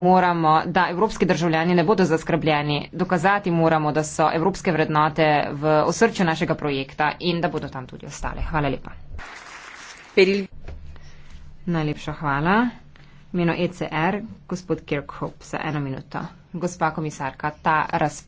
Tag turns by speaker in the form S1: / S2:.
S1: moramo, da evropski državljani ne bodo zaskrbljeni. Dokazati moramo, da so evropske vrednote v osrčju našega projekta in da bodo tam tudi ostale. Hvala lepa. Peril. Najlepša hvala. Mino ECR, gospod Kirkhope, za eno minuto. Gospa komisarka, ta razpoložljivost.